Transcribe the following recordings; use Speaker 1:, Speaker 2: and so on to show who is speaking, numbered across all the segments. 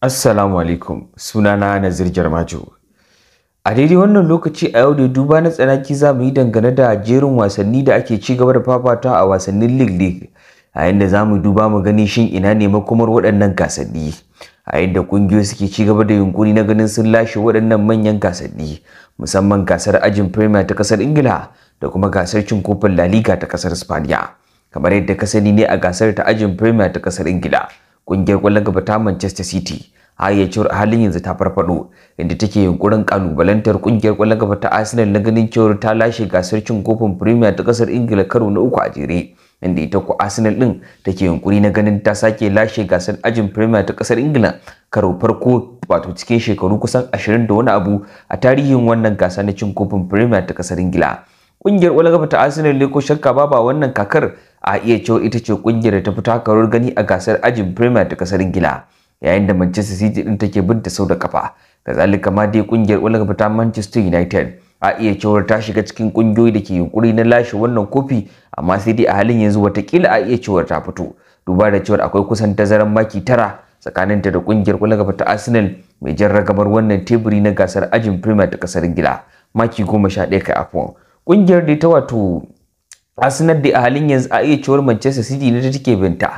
Speaker 1: Assalamu alaikum sunana Nazir Jarmajo. A daidai wannan lokaci a yau da duba na tsanaki za mu yi dangane da jerin wasanni da ake ci gaba da fafata a wasannin League League a yadda za mu duba mu gani shin ina ne makomar waɗannan gasanni a yadda ƙungiyoyi suke ci gaba da yunƙuri na ganin sun lashe waɗannan manyan gasanni musamman gasar ajin Premier ta ƙasar Ingila da kuma gasar cin kofin La Liga ta ƙasar Spaniya kamar yadda ka sani ne a gasar ta ajin Premier ta ƙasar Ingila. Ƙungiyar ƙwallon gaba ta Manchester City ya ci halin yanzu ta farfado inda take yunkurin kalubalantar kungiyar kwallon kafa ta Arsenal na ganin cewar ta lashe gasar cin kofin Premier ta kasar Ingila karo na uku a jere inda ita ko Arsenal din take yunkuri na ganin ta sake lashe gasar ajin Premier ta kasar Ingila karo farko wato cikin shekaru kusan 20 da wani abu a tarihin wannan gasa na cin kofin Premier ta kasar Ingila Ƙungiyar Olagafa ta Arsenal ne ko shakka baba wannan kakar a iya cewa ita ce kungiyar da ta fi takarar gani a gasar ajin Premier ta ƙasar Ingila. Yayin da Manchester City din take bin ta sau da kafa. Kazalika ma dai ƙungiyar Olagafa ta Manchester United a iya cewar ta shiga cikin kungiyoyi da ke yunkuri na lashe wannan kofi amma sai dai a halin yanzu watakila a iya cewar ta fito duba da cewar akwai kusan tazaran maki tara tsakanin ta da kungiyar kwallon gaba ta arsenal mai jan ragamar wannan teburi na gasar ajin premier ta kasar ingila maki goma sha ɗaya kai kungiyar da ta wato arsenal da a halin yanzu a iya cewar manchester city ne ta take binta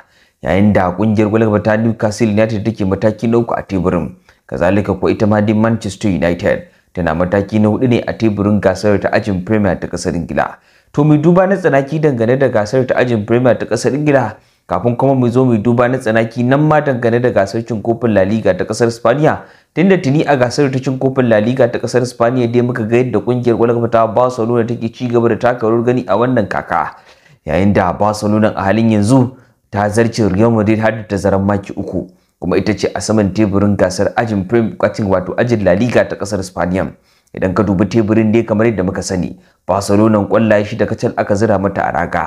Speaker 1: yayin da kungiyar gwalaba ta newcastle united take mataki na uku a teburin kazalika ko ita ma din manchester united tana mataki na hudu ne a teburin gasar ta ajin premier ta kasar ingila to mai duba na tsanaki dangane da gasar ta ajin premier ta kasar ingila kafin kuma mu zo mu duba na tsanaki nan ma dangane da gasar cin kofin La Liga ta kasar Spaniya tunda tuni a gasar ta cin kofin La Liga ta kasar Spaniya dai muka ga yadda kungiyar kwallon ta Barcelona take ci gaba da taka rawar gani a wannan kaka yayin da Barcelona a halin yanzu ta zarce Real Madrid har da tazaran maki uku kuma ita ce a saman teburin gasar ajin Prem wato ajin La Liga ta kasar Spaniya idan ka dubi teburin dai kamar yadda muka sani Barcelona kwallaye shi da kacal aka zira mata a raga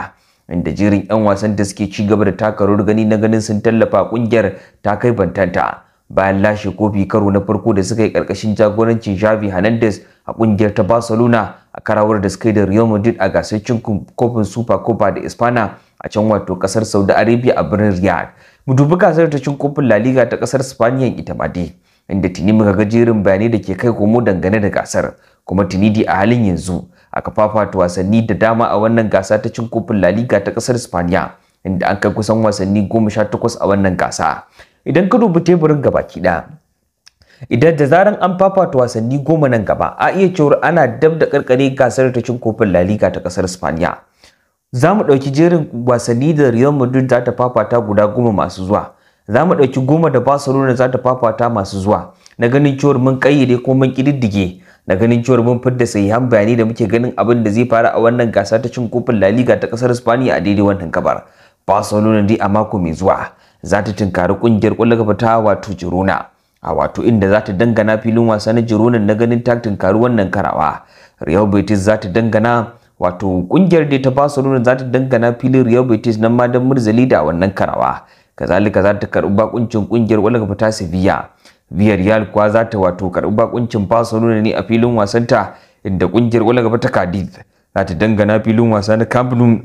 Speaker 1: inda jerin 'yan wasan da suke ci gaba da taka rawar gani na ganin sun tallafa kungiyar ta kai bantanta bayan lashe kofi karo na farko da suka yi karkashin jagorancin Xavi Hernandez a kungiyar ta Barcelona a karawar da suka yi da Real Madrid a gasar cin kofin Copa da Espana a can wato kasar Saudi Arabia a birnin Riyadh. Mu dubi gasar ta cin kofin La Liga ta kasar Spaniya ita ma dai inda tuni muka ga jerin bayanai da ke kai komo dangane da gasar kuma tuni a halin yanzu aka fafata wasanni da dama a wannan gasa ta cin kofin La Liga ta kasar Spaniya inda an kai kusan wasanni goma sha takwas a wannan gasa. idan ka dubi teburin gabaki kida. idan da zaran an fafata wasanni goma nan gaba a iya cewar ana dab da karkare gasar ta cin kofin La Liga ta kasar Spaniya za mu ɗauki jerin wasanni da Real Madrid za ta fafata guda goma masu zuwa za mu ɗauki goma da Barcelona za ta fafata masu zuwa na ganin cewar mun kayyade ko mun kididdige na ganin cewar mun fidda sahihan bayanai da muke ganin abin da zai fara a wannan gasa ta cin kofin La Liga ta kasar Spaniya a daidai wannan gabar Barcelona dai a mako mai zuwa za ta tinkari kungiyar kwallon kafa ta wato jiruna a wato inda za ta dangana filin wasa na jiruna na ganin ta tinkari wannan karawa Real Betis za ta dangana wato kungiyar da ta Barcelona za ta dangana filin Real Betis nan ma dan murzali da wannan karawa kazalika za ta karbi bakuncin kungiyar kwallon kafa ta Sevilla Villarreal kuwa za ta wato karbi bakuncin Barcelona ne a filin wasanta inda kungiyar kwallon kafa ta Cadiz za ta dangana filin wasa na Camp Nou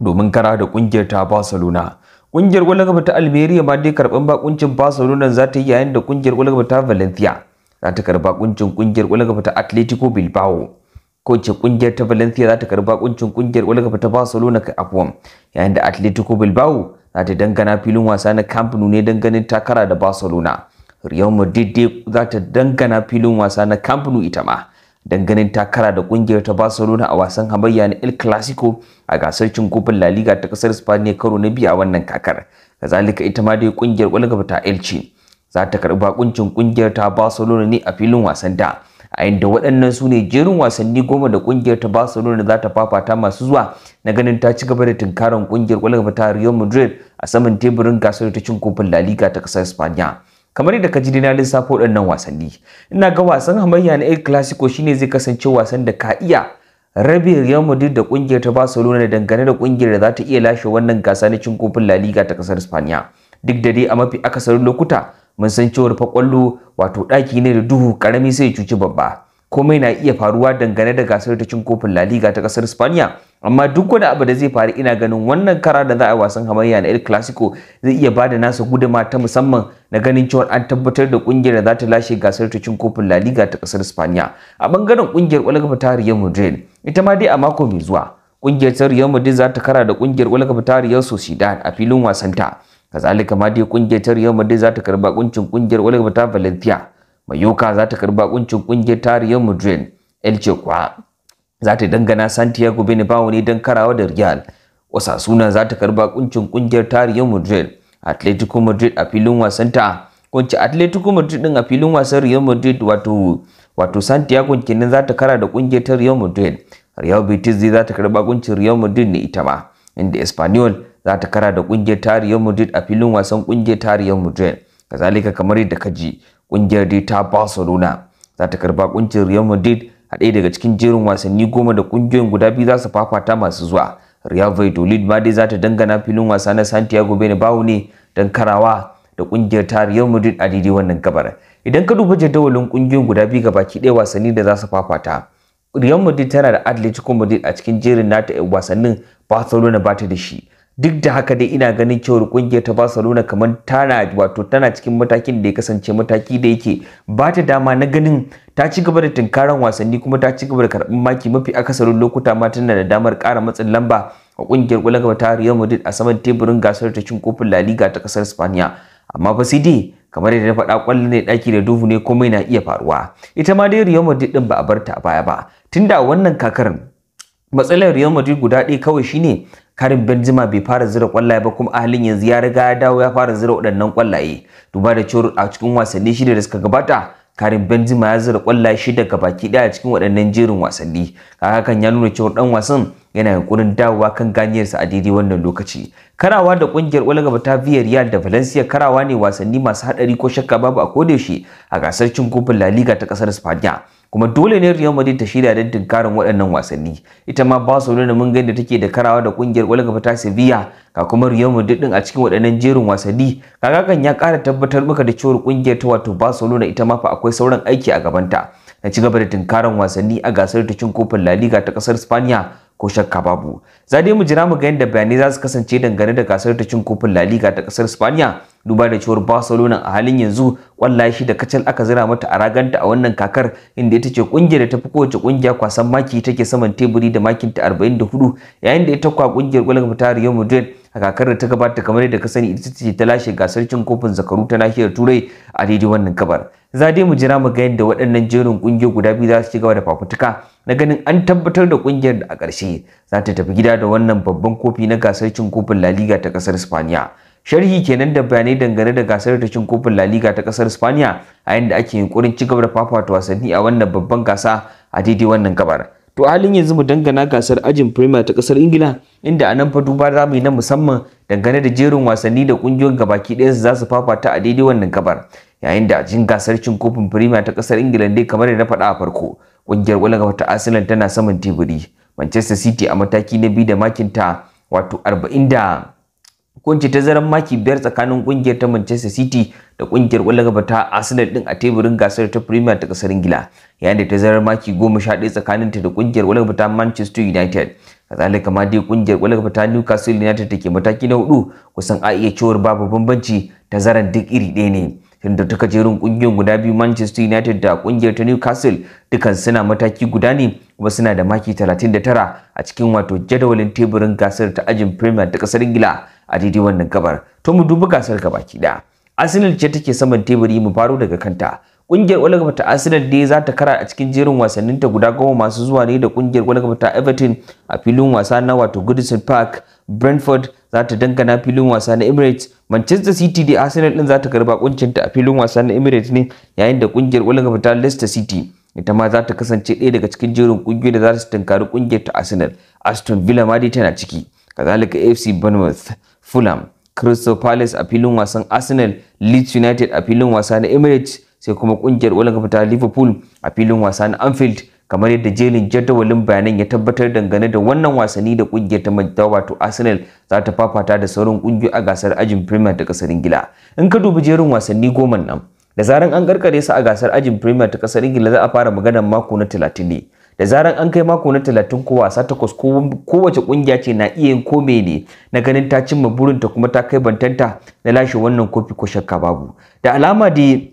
Speaker 1: domin kara da kungiyar ta Barcelona Ƙungiyar ƙwallon gaba ta Almeria ma dai karɓan bakuncin Barcelona za ta yi yayin da ƙungiyar ƙwallon gaba ta Valencia za ta karba bakuncin ƙungiyar ƙwallon gaba ta Atletico Bilbao. Ko ce ƙungiyar ta Valencia za ta karba bakuncin ƙungiyar ƙwallon gaba ta Barcelona kai afuwan yayin da Atletico Bilbao za ta dangana filin wasa na Camp Nou ne ganin takara da Barcelona. Real Madrid za ta dangana filin wasa na Camp Nou ita ma. dangane takara da kungiyar ta Barcelona a wasan hamayya na El Clasico a gasar cin kofin La Liga ta kasar Spain karo na biyu a wannan kakar. Kazalika ita ma dai kungiyar kwalgaba ta Elche za ta karba kuncin kungiyar ta Barcelona ne a filin wasan da. a inda waɗannan su ne jerin wasanni goma da ƙungiyar ta Barcelona za ta fafata masu zuwa na ganin ta ci gaba da tunkarar ƙungiyar ƙwallon ta Real Madrid a saman teburin gasar ta cin kofin La Liga ta ƙasar Spaniya. kamar yadda ka ji dina lissafo waɗannan wasanni ina ga wasan hamayya na El Clasico shine zai kasance wasan da ka iya rabe Real Madrid da kungiyar ta Barcelona dangane da kungiyar da za ta iya lashe wannan gasa na cin kofin La Liga ta kasar spania duk da dai a mafi akasarin lokuta mun san cewa kwallo wato daki ne da duhu karami sai ya cuci babba komai na iya faruwa dangane da gasar ta cin kofin La Liga ta kasar spania. amma duk wani abu da zai faru ina ganin wannan kara da za a wasan hamayya na El Clasico zai iya bada nasa guduma ta musamman na ganin cewa an tabbatar da kungiyar da za ta lashe gasar ta cin kofin La Liga ta kasar Spaniya a bangaren kungiyar Olga ta Real Madrid ita ma dai a mako mai zuwa kungiyar ta Real Madrid za ta kara da kungiyar Olga ta Real Sociedad a filin wasan ta kazalika ma dai kungiyar ta Real Madrid za ta karba kuncin kungiyar Olga ta Valencia Mayoka za ta karba kuncin kungiyar ta Real Madrid Elche kwa za ta dangana Santiago Bernabeu ne don karawa da Real. Osasuna za ta karba kuncin kungiyar tarihin Madrid. Atletico Madrid a filin wasan ta kunci Atletico Madrid din a filin wasan Real Madrid wato wato Santiago kenan za ta kara da kungiyar ta Real Madrid. Real Betis za ta karba kuncin Real Madrid ne ita ma. Inda Espanyol za ta kara da kungiyar ta Real Madrid a filin wasan kungiyar ta Real Madrid. Kazalika kamar yadda ka ji kungiyar ta Barcelona za ta karba kuncin Real Madrid a ɗaya daga cikin jerin wasanni goma da ƙungiyoyin guda biyu za su fafata masu zuwa real valladolid ma dai za ta dangana filin wasa na santiago bernabeu ne don karawa da ƙungiyar ta real madrid a daidai wannan gabar idan ka duba jadawalin ƙungiyoyin guda biyu gabaki ɗaya wasanni da za su fafata real madrid tana da atletico madrid a cikin jerin nata wasannin barcelona ba ta da shi duk da haka dai ina ganin cewar kungiyar ta Barcelona kamar tana wato tana cikin matakin da ya kasance mataki da yake ba ta dama na ganin ta ci gaba da tunkaran wasanni kuma ta ci gaba da karɓar maki mafi akasarin lokuta ma tana da damar ƙara matsin lamba a kungiyar gaba ta Real Madrid a saman teburin gasar ta cin kofin La Liga ta ƙasar Spaniya amma ba sai dai kamar yadda na faɗa ƙwallo ne ɗaki da dubu ne komai na iya faruwa ita ma dai Real Madrid din ba a bar ta a baya ba tunda wannan kakar matsalar Real Madrid guda ɗaya kawai shine karin benzema bai fara zira kwallaye ba kuma a yanzu ya riga ya dawo ya fara zira waɗannan kwallaye duba da cewa a cikin wasanni shida da suka gabata karin benzema ya zira kwallaye shida gabaki ɗaya a cikin waɗannan jerin wasanni hakan ya nuna cewa dan wasan yana yunkurin dawowa kan ganiyarsa a daidai wannan lokaci karawa da kungiyar gaba ta villarreal da valencia karawa ne wasanni masu hadari ko shakka babu a kodayaushe a gasar cin kofin la liga ta ƙasar spaniya kuma dole ne Real Madrid ta shirya don tunkarin waɗannan wasanni ita ma ba Barcelona mun ga da take da karawa da kungiyar Olga ta Sevilla ga kuma Real Madrid din a cikin waɗannan jerin wasanni kaga kan ya ƙara tabbatar maka da cewa kungiyar ta wato Barcelona ita ma fa akwai sauran aiki a gabanta na ci gaba da tunkarin wasanni a gasar ta cin kofin La Liga ta kasar Spaniya ko shakka babu za dai mu jira mu ga yadda bayanai za su kasance dangane da gasar ta cin kofin La Liga ta kasar Spaniya duba da cewar Barcelona a halin yanzu kwallashi shi da kacal aka zira mata a raganta a wannan kakar inda ita ce kungiyar da ta fi kowace kungiya kwasan maki take saman teburi da makinta 44 yayin da ita kwa kungiyar gwal Real Madrid a kakar da ta gabata kamar yadda ka sani ita ce ta lashe gasar cin kofin zakaru ta nahiyar turai a daidai wannan kabar za dai mu jira mu ga yadda waɗannan jerin kungiyar guda biyu za su ci gaba da fafutuka na ganin an tabbatar da kungiyar da a ƙarshe za ta tafi gida da wannan babban kofi na gasar cin kofin laliga ta kasar Spaniya. sharhi kenan da bayanai dangane da gasar ta cin kofin laliga ta kasar Spaniya a yadda ake yunkurin ci gaba da fafata wasanni a wannan babban gasa a daidai wannan kabar. to halin yanzu mu dangana gasar ajin Premier ta kasar Ingila inda a nan fa duba za mu yi na musamman dangane da jerin wasanni da kungiyoyin gabaki ɗaya za su fafata a daidai wannan gabar yayin da a gasar cin kofin Premier ta kasar Ingila dai kamar da na faɗa a farko kungiyar wani gaba ta Arsenal tana saman teburi Manchester City a mataki na biyu da makinta wato arba'in da hukunci tazaran maki biyar tsakanin kungiyar ta Manchester City da kungiyar kwallon gaba ta Arsenal din a teburin gasar ta Premier ta kasar Ingila yayin da tazarar maki goma sha ɗaya tsakanin ta da kungiyar kwallon gaba ta Manchester United kazalika ma dai kungiyar kwallon gaba ta Newcastle United take mataki na hudu kusan a iya cewar babu bambanci tazaran duk iri ɗaya ne inda ta kajerun kungiyar guda biyu Manchester United da kungiyar ta Newcastle dukan suna mataki guda ne kuma suna da maki 39 a cikin wato jadawalin teburin gasar ta ajin Premier ta kasar Ingila a daidai wannan gabar to mu duba gasar gabaki da Arsenal ce take saman teburi mu faro daga kanta Kungiyar Olga ta Arsenal dai za ta kara a cikin jerin wasannin ta guda goma masu zuwa ne da kungiyar Olga ta Everton a filin wasa na wato Goodison Park. Brentford za ta dangana filin wasa na Emirates. Manchester City da Arsenal din za ta karba kuncinta a filin wasa na Emirates ne yayin da kungiyar Olga ta Leicester City ita ma za ta kasance ɗaya daga cikin jerin kungiyoyi da za su tunkari kungiyar ta Arsenal. Aston Villa ma dai tana ciki. Kazalika AFC Bournemouth, Fulham, Crystal Palace a filin wasan Arsenal, Leeds United a filin wasa na Emirates, sai kuma kungiyar Olin ta Liverpool a filin wasa na Anfield kamar yadda jerin jadawalin bayanan ya tabbatar dangane da wannan wasanni da kungiyar ta Manchester wato Arsenal za ta fafata da sauran kungiyoyi a gasar ajin Premier ta kasar Ingila. In ka dubi jerin wasanni goma nan da zaran an karkare su a gasar ajin Premier ta kasar Ingila za a fara maganar mako na 30 ne. da zaran an kai mako na 30 ko wasa takwas kowace kungiya ce na iya yin ko ne na ganin ta cimma burinta kuma ta kai bantanta na lashe wannan kofi ko shakka babu da alama da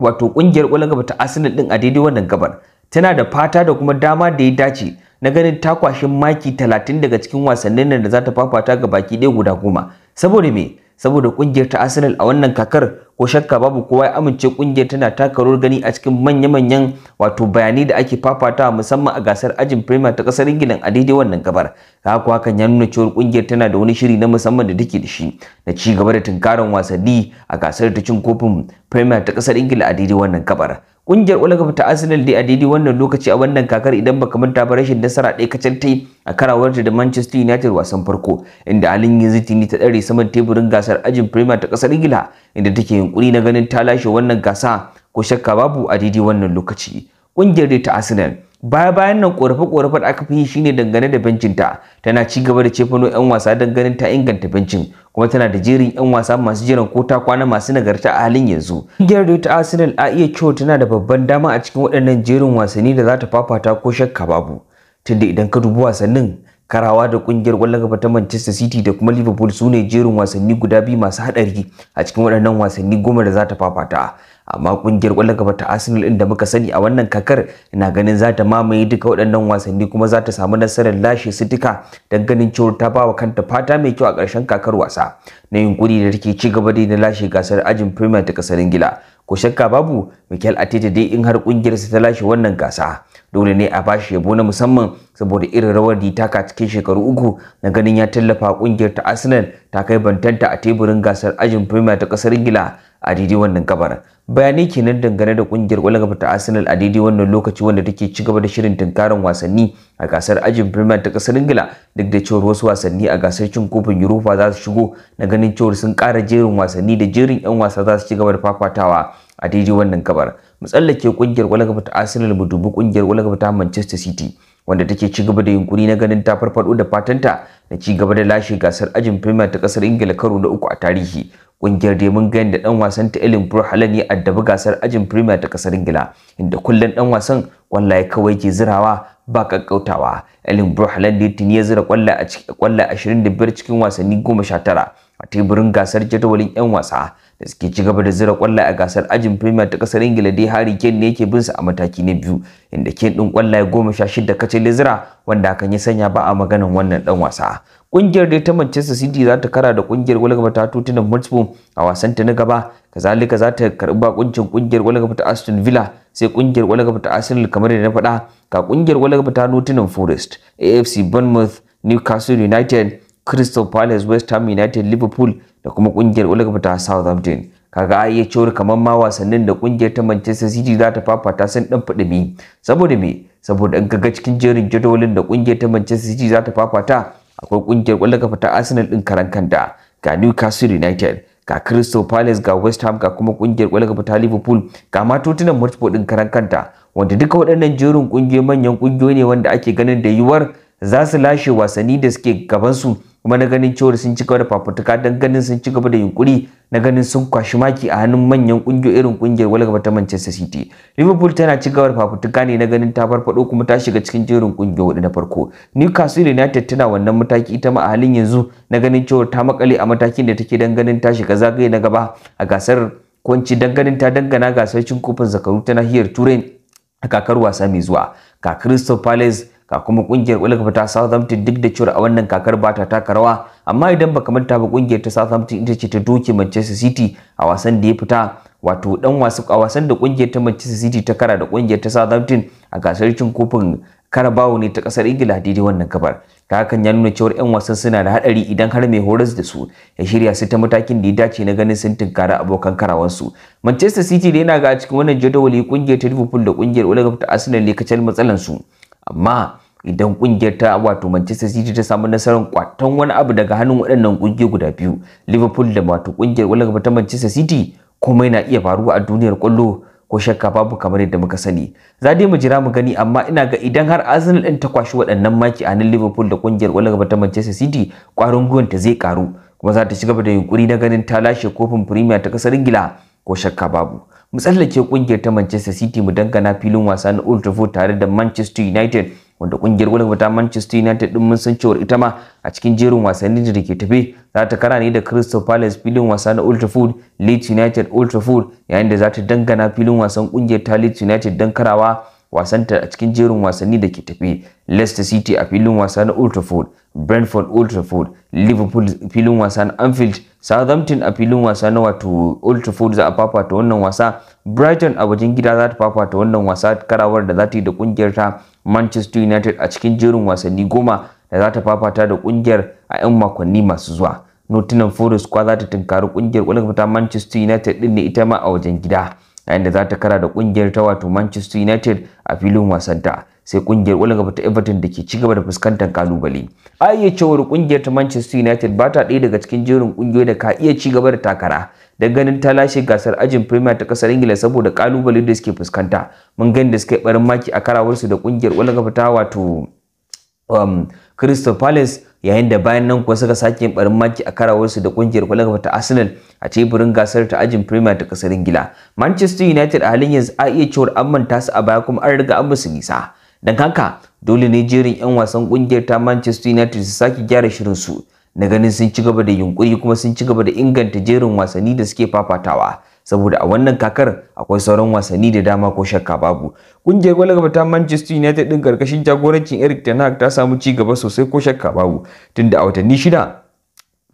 Speaker 1: wato kungiyar kwallon gaba ta Arsenal din a daidai wannan gabar tana da fata da kuma dama da ya dace na ganin takwashin maki 30 daga cikin wasannin nan da za ta fafata ga baki ɗaya guda goma saboda me saboda kungiyar ta Arsenal a wannan kakar ko shakka babu kowa ya amince kungiyar tana taka rawar gani a cikin manya-manyan wato bayanai da ake fafatawa musamman a gasar ajin Premier ta kasar Ingila a daidai wannan gabar haka hakan ya nuna cewa kungiyar tana da wani shiri na musamman da take da shi na ci gaba da tunkaran wasanni a gasar ta cin kofin Premier ta kasar Ingila a daidai wannan gabar kungiyar Olga ta Arsenal dai a daidai wannan lokaci a wannan kakar idan baka manta ba rashin nasara ɗaya kacal ta a karawarta da Manchester United wasan farko inda halin yanzu tini ta ɗare saman teburin gasar ajin Premier ta ƙasar Ingila inda take yunkuri na ganin ta lashe wannan gasa ko shakka babu a daidai wannan lokaci. Ƙungiyar dai ta Arsenal baya bayan nan korafe-korafe da aka fi yi shine dangane da bencin ta tana ci gaba da cefano 'yan wasa ganin ta inganta bencin kuma tana da jerin 'yan wasa masu jiran kota kwana masu nagarta a halin yanzu ƙungiyar ta arsenal a iya cewa tana da babban dama a cikin waɗannan jerin wasanni da za ta fafata ko shakka babu tunda idan ka dubi wasannin karawa da kungiyar ƙwallon kafa ta Manchester City da kuma Liverpool su ne jerin wasanni guda biyu masu haɗari a cikin waɗannan wasanni goma da za ta fafata. Amma kungiyar ƙwallon gaba ta Arsenal inda muka sani a wannan kakar na ganin za ta mamaye duka waɗannan wasanni kuma za ta samu nasarar lashe su duka don ganin cewa ta ba wa kanta fata mai kyau a ƙarshen kakar wasa na yunkuri da take ci gaba da na lashe gasar ajin Premier ta kasar Ingila. ko shakka babu Mikel Arteta dai in har ƙungiyarsa ta lashe wannan gasa dole ne a bashi yabo na musamman saboda irin rawar da taka cikin shekaru uku na ganin ya tallafa ƙungiyar ta Arsenal ta kai bantanta a teburin gasar ajin Premier ta ƙasar Ingila a daidai wannan gabar bayanai kenan dangane da kungiyar kwallon ta Arsenal a daidai wannan lokaci wanda take ci gaba da shirin tunkarin wasanni a gasar ajin Premier ta kasar Ingila duk da cewar wasu wasanni a gasar cin kofin Europa za su shigo na ganin cewar sun ƙara jerin wasanni da jerin 'yan wasa za su ci gaba da fafatawa a daidai wannan gabar mu tsallake kungiyar kwallon ta Arsenal mu dubi kungiyar kwallon ta Manchester City wanda take ci gaba da yunkuri na ganin ta farfado da fatanta na ci gaba da lashe gasar ajin premier ta kasar ingila karo na uku a tarihi kungiyar da mun gani da dan wasan ta Ellen Burhalan ya addabi gasar ajin Premier ta kasar Ingila inda kullun dan wasan wallahi kawai ke zirawa ba kakkautawa Ellen Burhalan da tuni ya zira kwallaye a cikin kwallaye 25 cikin wasanni 19 a teburin gasar jadawalin yan wasa da suke ci gaba da zira kwallaye a gasar ajin premier ta kasar ingila dai harry kane ne yake bin sa a mataki na biyu inda kane din kwallaye goma sha shida kacal zira wanda hakan ya sanya ba a maganan wannan dan wasa kungiyar dai ta manchester city za ta kara da kungiyar gwalgaba ta tottenham hotspur a wasan ta na gaba kazalika za ta karbi bakuncin kungiyar gwalgaba ta aston villa sai kungiyar gwalgaba ta arsenal kamar da na faɗa ga kungiyar gwalgaba ta nottingham forest afc bournemouth newcastle united crystal palace west ham united liverpool da kuma kungiyar olga ta southampton kaga ai ya ciwar kamar ma wasannin da kungiyar ta manchester city za ta fafata sun dan mi. saboda me saboda in kaga cikin jerin jadawalin da kungiyar ta manchester city za ta fafata akwai kungiyar olga ta arsenal din karan kanta ga newcastle united ga crystal palace ga west ham ga kuma kungiyar kwallon ta liverpool ga ma tottenham hotspur din karan kanta wanda duka waɗannan jerin kungiyoyi manyan kungiyoyi ne wanda ake ganin da yiwuwar za su lashe wasanni da suke gabansu kuma na ganin cewar sun ci gaba da fafutuka don ganin sun ci gaba da yunkuri na ganin sun kwashi maki a hannun manyan kungiyoyi irin kungiyar walgaba ta Manchester City. Liverpool tana ci gaba da fafutuka ne na ganin ta farfado kuma ta shiga cikin jerin kungiyoyi na farko. Newcastle United tana wannan mataki ita ma a halin yanzu na ganin cewar ta makale a matakin da take dan ganin ta shiga zagaye na gaba a gasar kwanci dan ganin ta dangana gasar cin kofin zakaru ta nahiyar Turai a kakar wasa mai zuwa. Ga Crystal Palace ka kuma kungiyar Ulka ta Southampton duk da cewa a wannan kakar ba ta taka rawa amma idan baka manta ba kungiyar ta Southampton ita ce ta doke Manchester City a wasan da ya fita wato dan wasu a wasan da kungiyar ta Manchester City ta kara da kungiyar ta Southampton a gasar cin kofin Carabao ne ta kasar Ingila daidai wannan gabar. Ta hakan ya nuna cewar 'yan wasan suna da hadari idan har mai horas da su ya shirya su ta matakin da ya dace na ganin sun tinkara abokan karawansu. Manchester City da yana ga cikin wannan jadawali kungiyar ta Liverpool da kungiyar Olga ta Arsenal ne kacal matsalan su. amma idan kungiyar ta wato Manchester City ta samu nasarar kwatan wani abu daga hannun waɗannan kungiyoyi guda biyu Liverpool da wato kungiyar gaba ta Manchester City kuma yana iya faruwa a duniyar kwallo ko shakka babu kamar yadda muka sani za dai mu jira mu gani amma ina ga idan har Arsenal din ta kwashi waɗannan maki a nan Liverpool da kungiyar gaba ta Manchester City kwarin gwiwar ta zai karu kuma za ta ci gaba da yunkuri na ganin ta lashe kofin Premier ta kasar Ingila ko shakka babu mu tsallake kungiyar ta Manchester City mu dangana filin wasa na Old Trafford tare da Manchester United wanda kungiyar ta Manchester United din mun san cewa ita ma a cikin jerin wasannin da ke tafe za ta kara ne da Crystal Palace filin wasa na Old Trafford, Leeds United Old Trafford yayin da za ta dangana filin wasan kungiyar ta Leeds United dan karawa wasanta a cikin jerin wasanni da ke tafe Leicester City a filin wasa na Old Trafford. brentford old trafford liverpool filin wasa na anfield southampton a filin wasa na wato old trafford za a fafata wannan wasa brighton a wajen gida za ta fafata wannan wasa karawar da za ta yi da kungiyar ta manchester united a cikin jerin wasanni goma da za ta fafata da kungiyar a 'yan makonni masu zuwa nottingham forest kwa za ta tunkari kungiyar kwallon ta manchester united din ne ita ma a wajen gida yayin da za ta kara da kungiyar ta wato manchester united a filin wasanta sai kungiyar gaba ta Everton da ke cigaba da fuskantar kalubale. A iya cewar kungiyar ta Manchester United ba ta ɗaya daga cikin jerin kungiyoyi da ka iya cigaba da takara da ganin ta lashe gasar ajin Premier ta kasar Ingila saboda kalubale da suke fuskanta. Mun gani da suka yi barin maki a karawarsu da kungiyar gaba ta wato um, Crystal Palace yayin da bayan nan kuwa suka sake yin barin maki a karawarsu da kungiyar kwallon ta Arsenal a teburin gasar ta ajin Premier ta kasar Ingila. Manchester United a halin yanzu a iya cewar Amman manta su a baya kuma an riga an musu nisa. dan haka dole ne jerin 'yan wasan kungiyar ta manchester united su sake gyara shirin su, na ganin sun ci gaba da yunkuri kuma sun ci gaba da inganta jerin wasanni da suke fafatawa saboda a wannan kakar akwai sauran wasanni da dama ko shakka babu kungiyar gwalgaba ta manchester united din karkashin jagorancin eric ten hag ta samu ci gaba sosai ko shakka babu tunda a watanni shida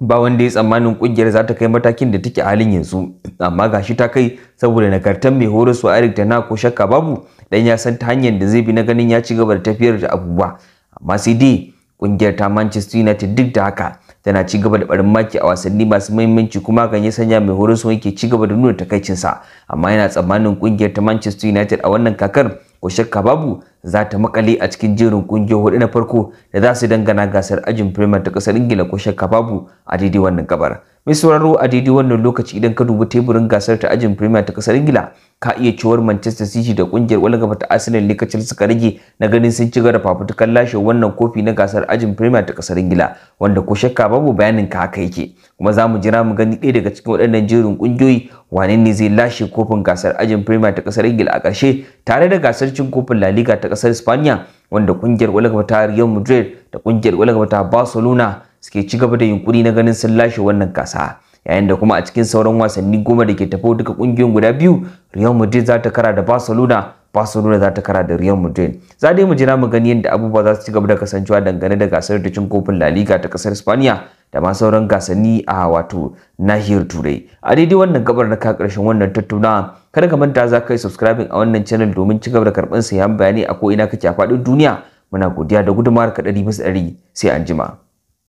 Speaker 1: ba wanda ya tsammanin kungiyar za ta kai matakin da take halin yanzu amma gashi ta kai saboda nagartar mai horaswa Eric Tana ko shakka babu dan ya san ta hanyar da zai bi na ganin ya ci gaba da tafiyar da abubuwa amma sai dai kungiyar ta Manchester United duk da haka tana ci gaba da barin maki a wasanni masu muhimmanci kuma kan ya sanya mai horaswa yake ci gaba da nuna takaicinsa amma yana tsammanin kungiyar ta Manchester United a wannan kakar ko shakka babu za ta makale a cikin jerin kungiyoyi hudu na farko da za su dangana gasar ajin Premier ta kasar Ingila ko shakka a daidai wannan gabar. mai sauraro a daidai wannan lokaci idan ka dubi teburin gasar ta ajin premier ta kasar ingila ka iya cewar manchester city da kungiyar walgaba ta arsenal ne kacal suka rage na ganin sun ci gara fafutukan lashe wannan kofi na gasar ajin premier ta kasar ingila wanda ko shakka babu bayanin ka haka yake kuma za mu jira mu gani ɗaya daga cikin waɗannan jerin ƙungiyoyi wane ne zai lashe kofin gasar ajin premier ta kasar ingila a ƙarshe tare da gasar cin kofin la liga ta kasar spaniya wanda kungiyar walgaba ta real madrid da kungiyar walgaba ta barcelona suke ci gaba da yunkuri na ganin sun lashe wannan kasa yayin da kuma a cikin sauran wasanni goma da ke tafi duka kungiyoyin guda biyu Real Madrid za ta kara da Barcelona Barcelona za ta kara da Real Madrid za dai mu jira mu gani yadda abubuwa za su ci gaba da kasancewa dangane da gasar da cin kofin La Liga ta kasar Spaniya da ma sauran gasanni a wato nahiyar Turai a daidai wannan gabar na ka karshen wannan tattauna kada ka manta za ka yi subscribing a wannan channel domin ci gaba da karɓar sayan bayanai a ko ina kake a faɗin duniya muna godiya da gudumar ka ɗari bisa ɗari sai an